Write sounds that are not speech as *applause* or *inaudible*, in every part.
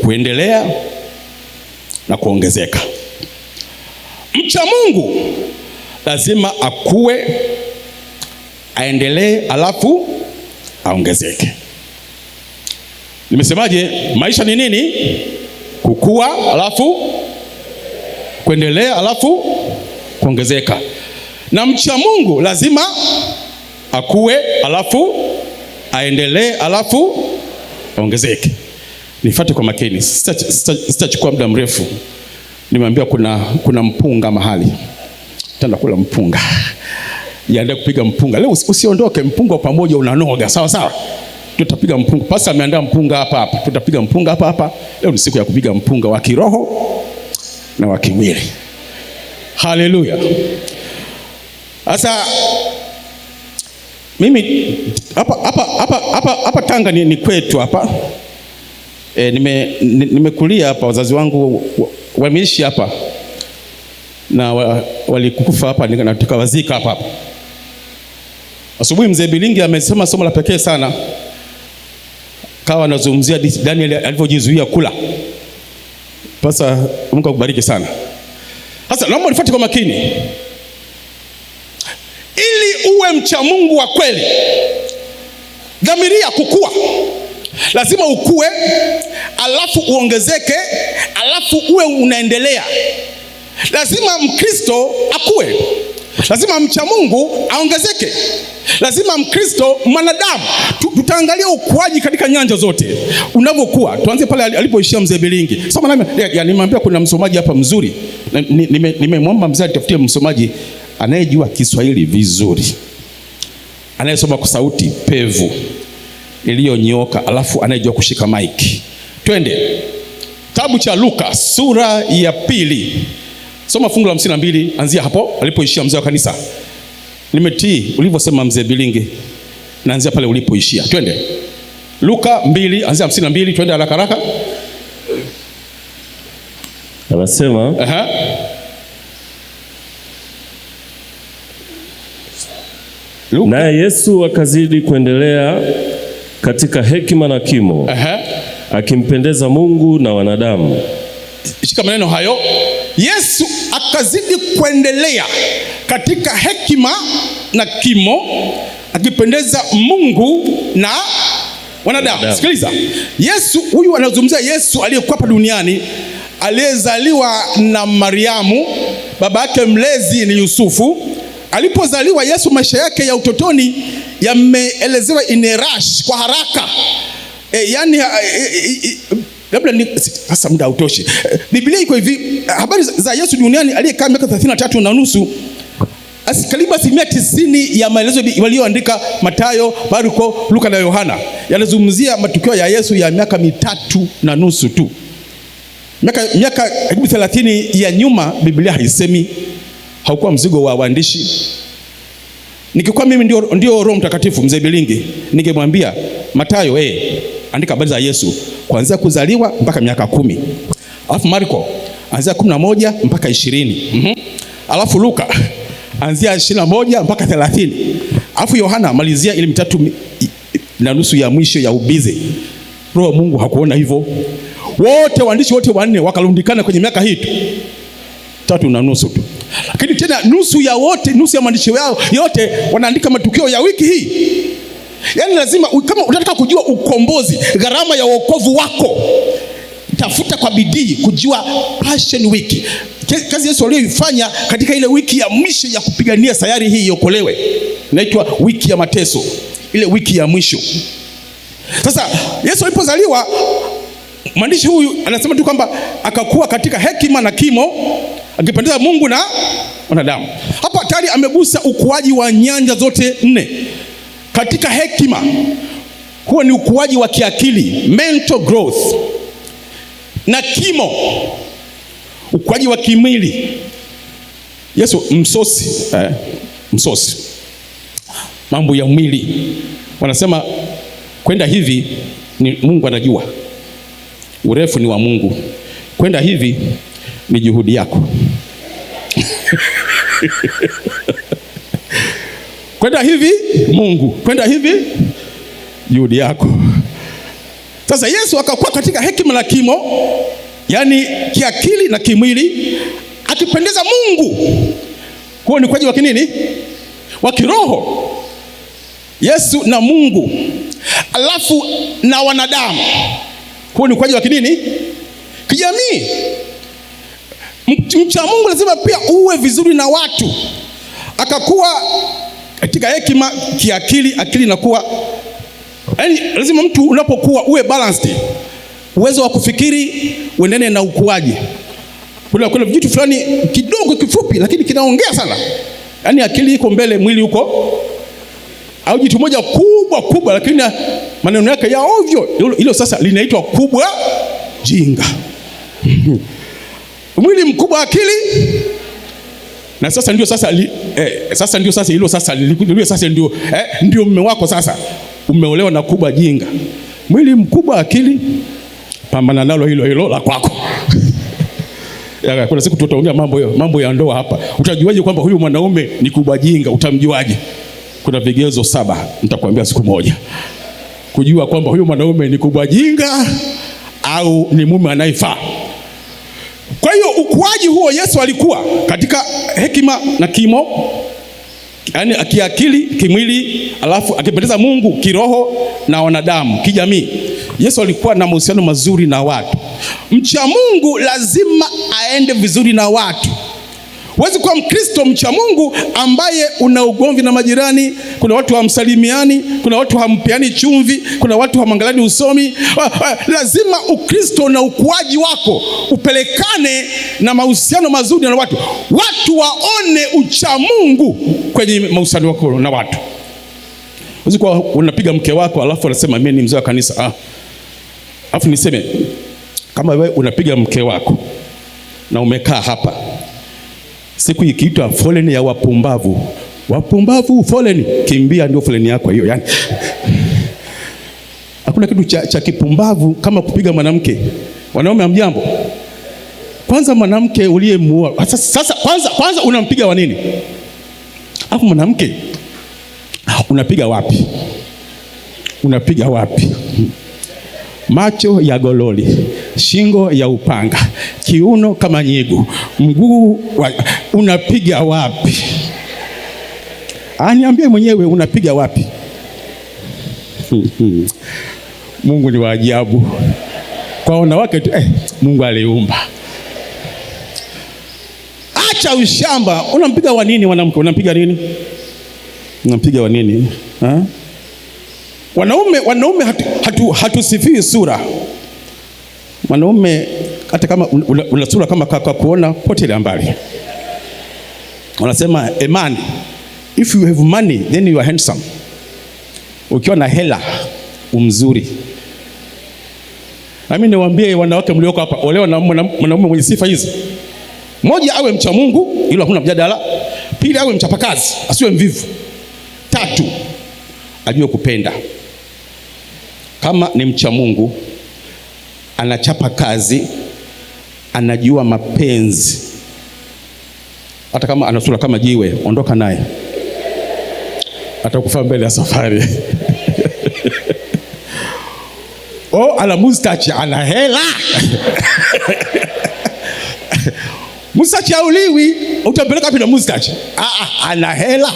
kuendelea na kuongezeka. Mcha Mungu lazima akue, aendelee, alafu aongezeke. Nimesemaje? Maisha ni nini? Kukua alafu kuendelea alafu kuongezeka. Na mcha Mungu lazima akue, alafu aendelee, alafu aongezeke nifate kwa makini, sitachukua muda mrefu. Nimeambiwa kuna, kuna mpunga mahali, tenda kula mpunga, yaende kupiga mpunga leo. Usiondoke, mpunga pamoja unanoga, sawa sawa. Tutapiga mpunga, pasa ameandaa mpunga hapa hapa, tutapiga mpunga hapa hapa. Leo ni siku ya kupiga mpunga wa kiroho na wa kimwili. Haleluya! Sasa mimi hapa hapa hapa hapa Tanga ni, ni kwetu hapa e, nime, nimekulia hapa, wazazi wangu wameishi hapa na wa, walikufa hapa na tukawazika hapa hapa. Asubuhi mzee Bilingi amesema somo la pekee sana, kawa anazungumzia daniel alivyojizuia kula. Pasa, Mungu akubariki sana. Sasa naomba unifuate kwa makini, ili uwe mcha Mungu wa kweli, dhamiria kukua lazima ukue, alafu uongezeke, alafu uwe unaendelea. Lazima Mkristo akue, lazima mcha Mungu aongezeke, lazima Mkristo mwanadamu. Tutaangalia ukuaji katika nyanja zote unavyokuwa. Tuanze pale alipoishia mzee Bilingi. Soma nami, nimeambia kuna msomaji hapa mzuri, nimemwomba mzee atafutie msomaji anayejua Kiswahili vizuri, anayesoma kwa sauti pevu iliyonyoka, alafu anayejua kushika maiki. Twende kitabu cha Luka sura ya pili, soma fungu la hamsini na mbili anzia hapo alipoishia mzee wa kanisa. Nimetii ulivyosema mzee Bilingi, naanzia pale ulipoishia. Twende Luka mbili anzia hamsini na mbili twende haraka haraka. Anasema uh -huh. Naye Yesu akazidi kuendelea katika hekima na kimo, -huh. akimpendeza Mungu na wanadamu. Shika maneno hayo. Yesu akazidi kuendelea katika hekima na kimo, akipendeza Mungu na wanadamu. Sikiliza, Yesu huyu anazungumzia Yesu aliyekuwa hapa duniani, aliyezaliwa na Mariamu, baba yake mlezi ni Yusufu. Alipozaliwa Yesu, maisha yake ya utotoni yameelezewa in a rush, kwa haraka e, yani eh, eh, labda ni sasa, muda hautoshi. Biblia iko hivi, habari za Yesu duniani aliyekaa miaka 33 na nusu, karibu asilimia tisini ya maelezo walioandika Mathayo, Marko, Luka na Yohana yanazungumzia matukio ya Yesu ya miaka mitatu na nusu tu. Miaka miaka karibu 30 ya nyuma, Biblia haisemi. Haukuwa mzigo wa waandishi Nikikuwa mimi ndio, ndio Roho Mtakatifu mzee Bilingi, ningemwambia Mathayo, hey, eh, andika habari za Yesu kuanzia kuzaliwa mpaka miaka kumi, alafu Marko anzia kumi na moja mpaka ishirini mm -hmm. alafu Luka anzia ishirini na moja mpaka thelathini alafu Yohana malizia ile mitatu na nusu ya mwisho ya ubize. Roho wa Mungu hakuona hivyo. Wote waandishi wote wanne wakarundikana kwenye miaka hii tu tatu na nusu tu. Lakini tena nusu ya wote, nusu ya maandishi yao yote wanaandika matukio ya wiki hii. Yaani lazima kama unataka kujua ukombozi, gharama ya wokovu wako, tafuta kwa bidii kujua Passion Week, kazi Yesu aliyoifanya katika ile wiki ya mwisho ya kupigania sayari hii iokolewe, inaitwa wiki ya mateso, ile wiki ya mwisho. Sasa Yesu alipozaliwa, mwandishi huyu anasema tu kwamba akakuwa katika hekima na kimo akipendeza Mungu na wanadamu. Hapa tayari amegusa ukuaji wa nyanja zote nne. Katika hekima, huo ni ukuaji wa kiakili, mental growth, na kimo, ukuaji wa kimwili. Yesu msosi eh, msosi, mambo ya mwili wanasema kwenda hivi ni Mungu anajua, urefu ni wa Mungu, kwenda hivi ni juhudi yako kwenda hivi Mungu, kwenda hivi juhudi yako. Sasa Yesu akakuwa katika hekima na kimo, yaani kiakili na kimwili, akipendeza Mungu. Kwa ni kwaji wa kinini wa kiroho, Yesu na Mungu, alafu na wanadamu. Kwa ni kwaji wa kinini kijamii Mcha Mungu lazima pia uwe vizuri na watu, akakuwa katika hekima kiakili, akili inakuwa yani, lazima mtu unapokuwa uwe balanced, uwezo wa kufikiri uendane na ukuaji. Kuna kuna vitu fulani kidogo kifupi, lakini kinaongea sana, yaani akili iko mbele, mwili uko au jitu moja kubwa kubwa, lakini maneno yake ya ovyo, hilo sasa linaitwa kubwa jinga *laughs* mwili mkubwa akili na sasa ndio sasa li, eh, sasa ndio sasa hilo sasa ndio sasa ndio eh, ndio mume wako sasa umeolewa na kubwa jinga mwili mkubwa akili pambana nalo hilo hilo la kwako *laughs* kuna siku tutaongea mambo ya, mambo ya ndoa hapa. Utajuaje kwamba huyu mwanaume ni kubwa jinga? Utamjuaje? Kuna vigezo saba nitakwambia siku moja kujua kwamba huyu mwanaume ni kubwa jinga au ni mume anayefaa. Kwa hiyo ukuaji huo Yesu alikuwa katika hekima na kimo, yaani kiakili, kimwili, alafu akipendeza Mungu kiroho na wanadamu kijamii. Yesu alikuwa na mahusiano mazuri na watu. Mcha Mungu lazima aende vizuri na watu. Huwezi kuwa Mkristo mcha Mungu ambaye una ugomvi na majirani. Kuna watu hamsalimiani, kuna watu hampeani chumvi, kuna watu hamwangalani usomi. Ah, ah, lazima Ukristo na ukuaji wako upelekane na mahusiano mazuri na watu, watu waone ucha Mungu kwenye mahusiano yako na watu. Huwezi kuwa unapiga mke wako alafu anasema mimi ni mzee wa kanisa ah. Alafu niseme kama wewe unapiga mke wako na umekaa hapa siku ikiitwa foleni ya wapumbavu, wapumbavu foleni, kimbia, ndio foleni yako hiyo. Yani hakuna kitu cha, cha kipumbavu kama kupiga mwanamke. Wanaume amjambo, Kwanza mwanamke uliyemuoa sasa, sasa kwanza, kwanza unampiga wa nini? Alafu mwanamke ah, unapiga wapi? Unapiga wapi? Macho ya gololi, shingo ya upanga, kiuno kama nyigu, mguu wa, unapiga wapi? Aniambie mwenyewe unapiga wapi? *laughs* Mungu ni wa ajabu kwa wanawake tu eh, Mungu aliumba. Acha ushamba, unampiga wa nini mwanamke? Unampiga nini? Unampiga wa nini ha? Wanaume, wanaume hatusifii hatu, hatu sura. Mwanaume hata kama una, una sura kama kaka kuona potelea mbali wanasema a man if you have money then you are handsome. Ukiwa na hela umzuri. Nami niwaambie wanawake mlioko hapa, wale wanaume mwenye sifa hizi, moja, awe mcha Mungu, hilo hakuna mjadala. Pili, awe mchapakazi, asiwe mvivu. Tatu, ajue kupenda. Kama ni mcha Mungu, anachapa kazi, anajua mapenzi hata kama ana sura kama jiwe, ondoka naye, atakufaa mbele ya safari. *laughs* Oh, ana mustachi, ana hela *laughs* mustachi auliwi, utampeleka wapi na mustachi? Ah, ah ana hela.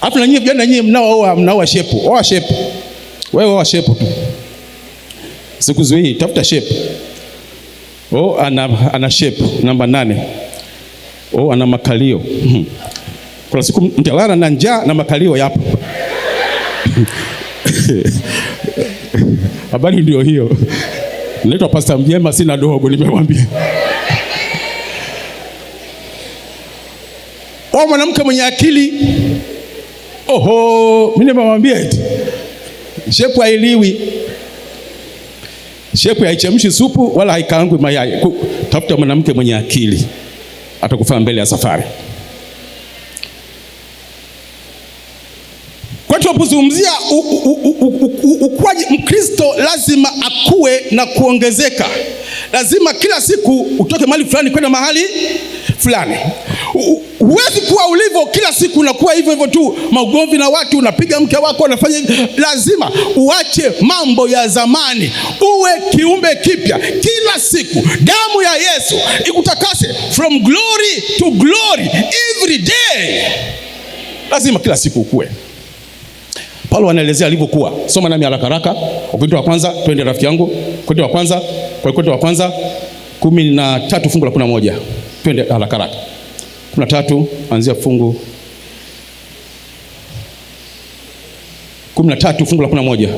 Alafu nanyie vijana nyie mnaoa mnaoa shepu, oa shepu wewe, oa shepu tu, siku tafuta shepu. Oh, ana, ana shepu namba nane Oh, ana makalio. Hmm. Kuna siku mtalala na njaa na makalio yapo. *laughs* Habari ndio hiyo. Naitwa Pastor Mjema, sina dogo, nimewambia O, oh, mwanamke mwenye akili. Oho, mimi nimewambia eti shepu hailiwi, shepu haichemshi supu wala haikaangwi mayai. Tafuta mwanamke mwenye akili atakufaa mbele ya safari. Kwa hiyo tunapozungumzia ukuaji, Mkristo lazima akue na kuongezeka, lazima kila siku utoke mahali fulani kwenda mahali fulani. Huwezi kuwa ulivyo kila siku, unakuwa hivyo hivyo tu, maugomvi na watu, unapiga mke wako, unafanya Lazima uache mambo ya zamani, uwe kiumbe kipya kila siku. Damu ya Yesu ikutakase from glory to glory every day. Lazima kila siku ukue. Paulo anaelezea alivyokuwa. Soma nami haraka haraka, Wakorintho wa kwanza, twende rafiki yangu, Wakorintho wa kwanza, Wakorintho wa kwanza kumi na tatu fungu la kumi na moja, twende haraka haraka. 13 anzia fungu 13 fungu la moja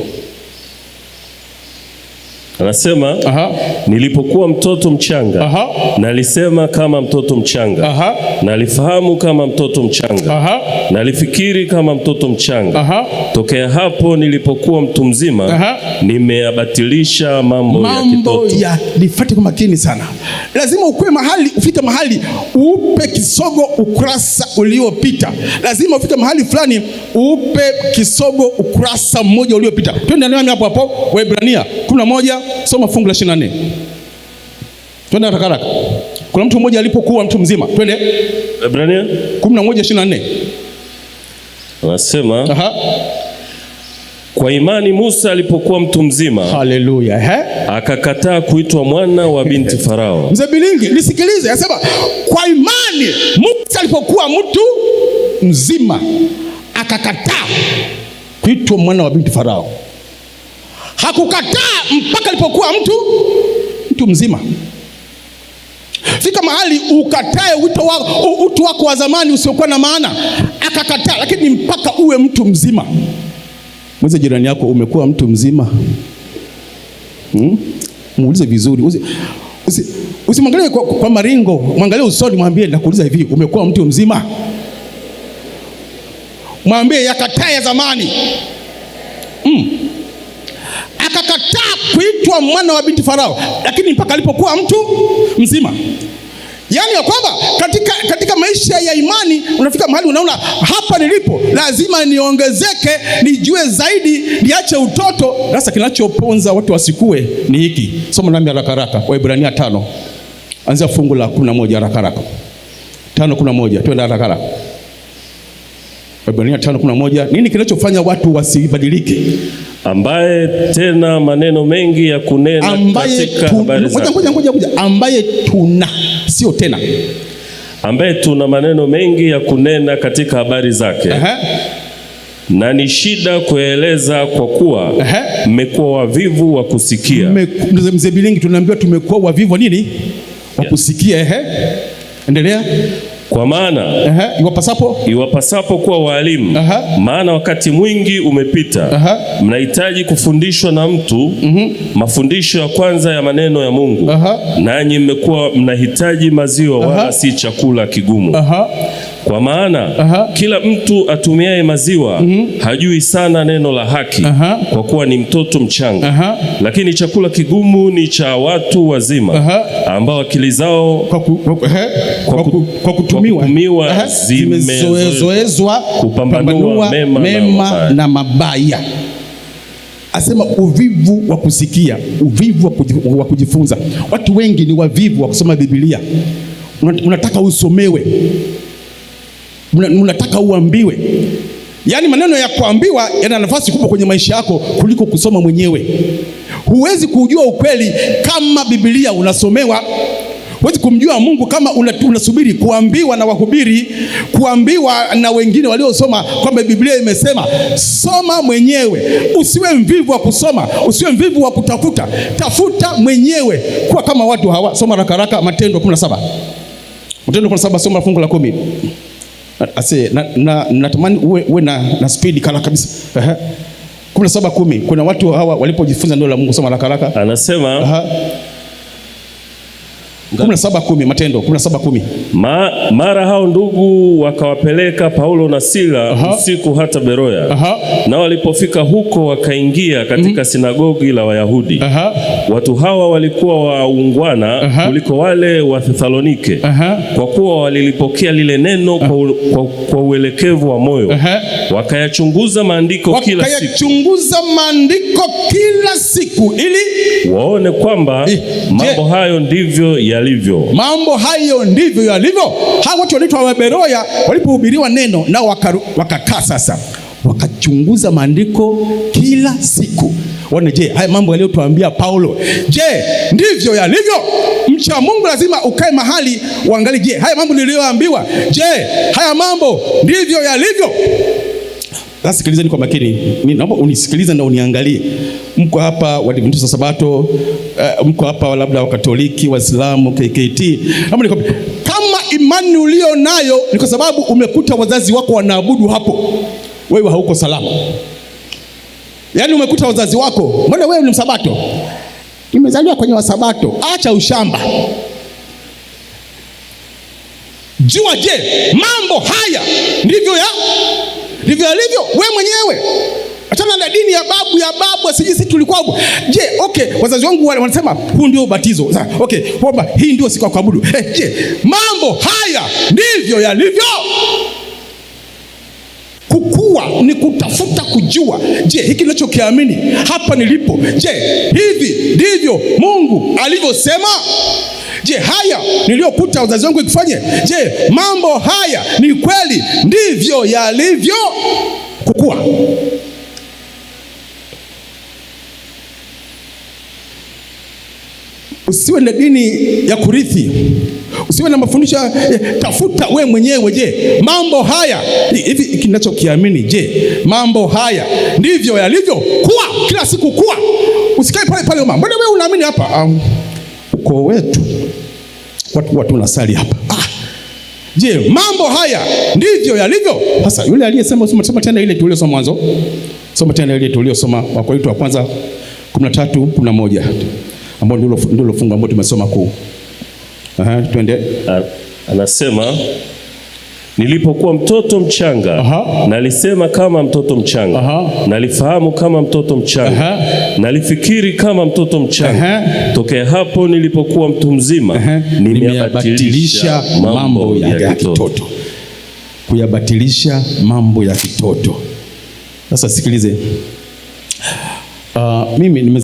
Anasema Aha. nilipokuwa mtoto mchanga Aha. nalisema kama mtoto mchanga Aha. nalifahamu kama mtoto mchanga Aha. nalifikiri kama mtoto mchanga Aha. tokea hapo nilipokuwa mtu mzima Aha. nimeyabatilisha mambo, mambo ya kitoto. nifuate kwa makini sana, lazima ukue mahali, ufike mahali upe kisogo ukurasa uliopita. Lazima ufike mahali fulani upe kisogo ukurasa mmoja uliopita. Twende nami hapo hapo Waebrania 11 Soma fungu la 24. Twende haraka haraka. Kuna mtu mmoja alipokuwa mtu mzima. Twende. Ibrania 11:24. Anasema, Aha. Kwa imani Musa alipokuwa mtu mzima, haleluya, eh, akakataa kuitwa mwana wa binti *laughs* Farao. Mzee Bilingi, nisikilize, anasema kwa imani Musa alipokuwa mtu mzima akakataa kuitwa mwana wa binti Farao hakukataa mpaka alipokuwa mtu mtu mzima. Fika mahali ukatae wito wa, utu wako wa zamani usiokuwa na maana. Akakataa, lakini mpaka uwe mtu mzima. Mweze jirani yako, umekuwa mtu mzima hmm? Muulize vizuri, usimwangalie usi kwa, kwa maringo, mwangalie usoni, mwambie nakuuliza hivi, umekuwa mtu mzima? Mwambie yakataa ya zamani hmm akakataa kuitwa mwana wa binti Farao, lakini mpaka alipokuwa mtu mzima. Yaani ya kwamba katika, katika maisha ya imani unafika mahali unaona hapa nilipo lazima niongezeke, nijue zaidi, niache utoto. Sasa kinachoponza watu wasikue ni hiki somo nami haraka haraka, Waebrania tano anzia fungu la kumi na moja haraka haraka, tano kumi na moja twende haraka haraka. Waebrania tano kumi na moja nini kinachofanya watu wasibadilike? ambaye tena maneno mengi ya kunena ambaye katika habari zake. Ngoja ngoja ngoja, ambaye tuna sio tena, ambaye tuna maneno mengi ya kunena katika habari zake uh -huh. na ni shida kueleza kwa kuwa mmekuwa uh -huh. wavivu wa kusikia. Mzee Bilingi, tunaambiwa tumekuwa wavivu nini wa kusikia. Ehe, endelea. Kwa maana uh -huh. iwapasapo iwapasapo kuwa waalimu uh -huh. maana wakati mwingi umepita uh -huh. mnahitaji kufundishwa na mtu uh mhm. -huh. mafundisho ya kwanza ya maneno ya Mungu uh -huh. nanyi mmekuwa mnahitaji maziwa uh -huh. wala si chakula kigumu uh -huh. Kwa maana Aha. kila mtu atumiaye maziwa mm -hmm. hajui sana neno la haki Aha. kwa kuwa ni mtoto mchanga Aha. lakini chakula kigumu ni cha watu wazima Aha. ambao akili zao kwa, ku, kwa, ku, kwa, ku, kwa kutumiwa, kutumiwa zimezoezwa kupambanua mema, mema na mabaya asema uvivu wa kusikia, uvivu wa kujifunza. Watu wengi ni wavivu wa kusoma Biblia. Unataka usomewe unataka uambiwe. Yaani maneno ya kuambiwa yana nafasi kubwa kwenye maisha yako kuliko kusoma mwenyewe. Huwezi kujua ukweli kama Biblia unasomewa. Huwezi kumjua Mungu kama unasubiri kuambiwa na wahubiri, kuambiwa na wengine waliosoma kwamba Biblia imesema. Soma mwenyewe, usiwe mvivu wa kusoma, usiwe mvivu wa kutafuta, tafuta mwenyewe, kuwa kama watu hawa. Soma rakaraka Matendo 17, Matendo 17, soma fungu la kumi. Ase, na, na, natamani uwe, uwe na, na speed kala kabisa. Aha. Kumi na saba kumi. Kuna watu hawa walipojifunza neno la Mungu soma haraka haraka. Anasema. Aha. 17:10 Matendo 17:10. Ma, mara hao ndugu wakawapeleka Paulo na Sila usiku hata Beroya Aha. na walipofika huko wakaingia katika mm. sinagogi la Wayahudi Aha. watu hawa walikuwa waungwana kuliko wale wa Thesalonike kwa kuwa walilipokea lile neno kwa, kwa, kwa uelekevu wa moyo Aha. wakayachunguza maandiko Waka kila siku Wakayachunguza maandiko kila siku ili waone kwamba eh, mambo hayo ndivyo ya yalivyo. Mambo hayo ndivyo yalivyo. Hawa watu walitwa Waberoya walipohubiriwa neno, nao wakakaa sasa, wakachunguza maandiko kila siku waone, je, haya mambo yaliyotuambia Paulo, je, ndivyo yalivyo? Mcha Mungu lazima ukae mahali uangalie, je, haya mambo niliyoambiwa, je, haya mambo ndivyo yalivyo? Sasa sikilizeni kwa makini, naomba unisikilize na uniangalie mko hapa Waadventista Sabato, uh, mko hapa labda Wakatoliki, Waislamu, KKT ama niko kama imani ulio nayo ni kwa sababu umekuta wazazi wako wanaabudu hapo, wewe hauko salama. Yaani umekuta wazazi wako, mbona wewe ni Msabato? Nimezaliwa kwenye Wasabato. Acha ushamba. Jua je, mambo haya ndivyo ya ndivyo yalivyo, we mwenyewe Achana na dini ya babu ya babu, sisi sisi tulikuwa je, okay, wazazi wangu wanasema huu ndio ubatizo. Okay, kwamba hii ndio siku ya kuabudu. Eh, je, mambo haya ndivyo yalivyo? Kukua ni kutafuta kujua, je, hiki ninachokiamini hapa nilipo, je, hivi ndivyo Mungu alivyosema? Je, haya niliyokuta wazazi wangu ikifanye, je, mambo haya ni kweli ndivyo yalivyo? Kukua Usiwe na dini ya kurithi, usiwe na mafundisho. Tafuta we mwenyewe. Je, mambo haya hivi kinachokiamini, je, mambo haya ndivyo yalivyo? Kuwa kila siku, kuwa usikae pale pale. Mbona wewe unaamini hapa? Um, ukoo wetu watu watu nasali hapa ah. Je, mambo haya ndivyo yalivyo? Sasa yule aliyesema, soma tena ile tuliosoma mwanzo, soma tena ile tuliosoma Wakorintho wa kwanza moja ambao ndilo fungu ambao tumesoma kuu. Aha, twende. Anasema nilipokuwa mtoto mchanga Aha. nalisema kama mtoto mchanga Aha. nalifahamu kama mtoto mchanga Aha. nalifikiri kama mtoto mchanga Aha. tokea hapo nilipokuwa mtu mzima nimeyabatilisha mambo ya, ya kitoto, kitoto. kuyabatilisha mambo ya kitoto. Sasa sikilize, uh, mimi nime